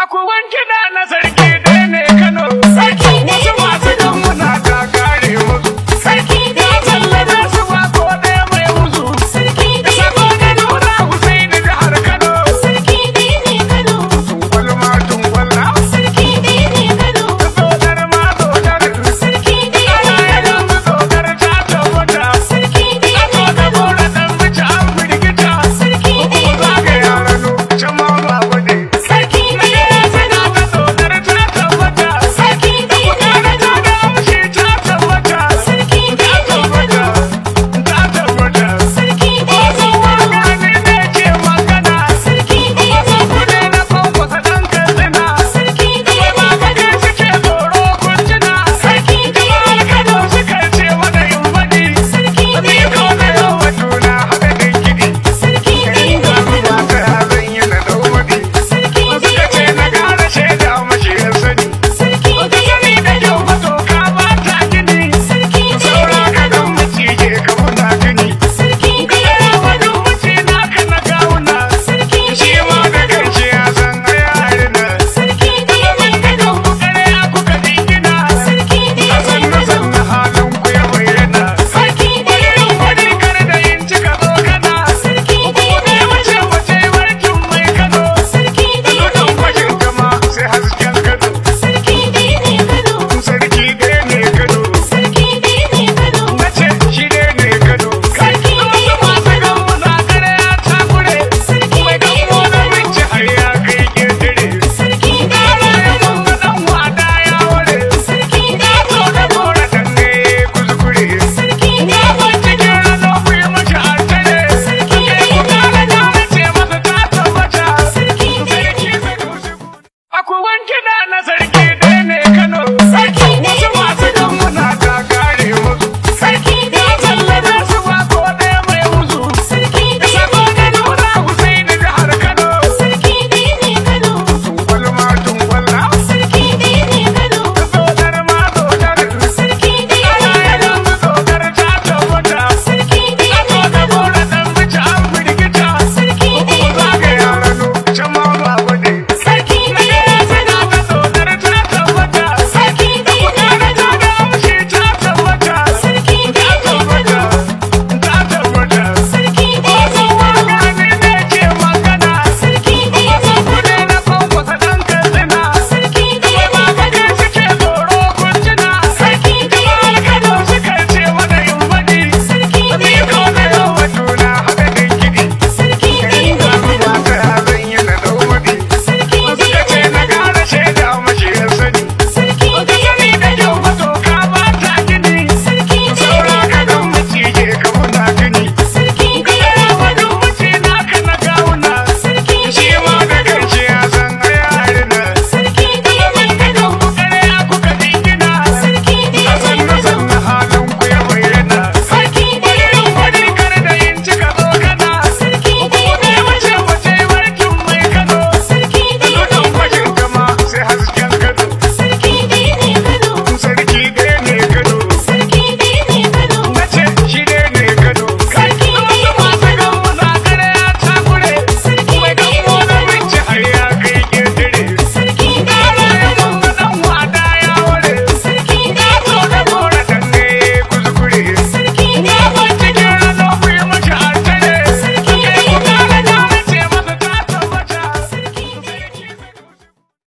akwai kuwan na sarki के ना ना सड़ी